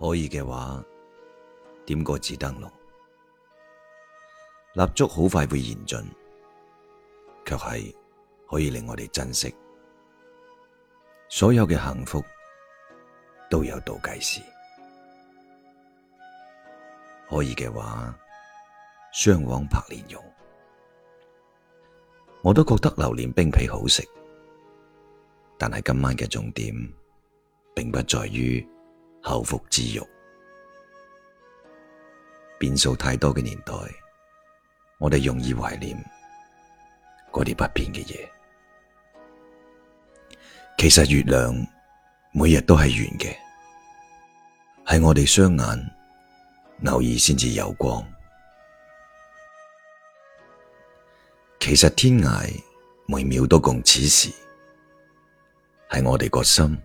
可以嘅話，點個紙燈籠，蠟燭好快會燃盡，卻係可以令我哋珍惜所有嘅幸福，都有倒計時。可以嘅話，雙黃白蓮蓉，我都覺得榴蓮冰皮好食，但係今晚嘅重點，並不在於，口腹之欲，變數太多嘅年代，我哋容易懷念嗰啲不變嘅嘢。其實月亮每日都係圓嘅，係我哋雙眼偶爾先至有光。其實天涯每秒都共此時，係我哋個心。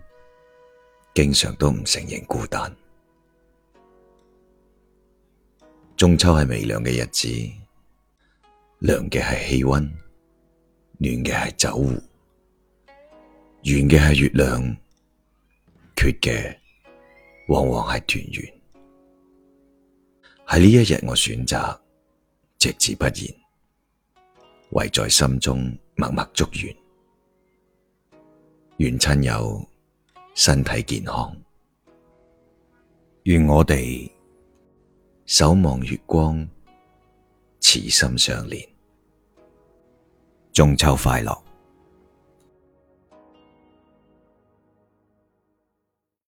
經常都唔承認孤單。中秋係微涼嘅日子，涼嘅係氣溫，暖嘅係酒壺，圓嘅係月亮，缺嘅往往係團圓。喺呢一日，我選擇隻字不言，唯在心中默默祝願，願親友。身體健康，願我哋守望月光，此心相連，中秋快樂。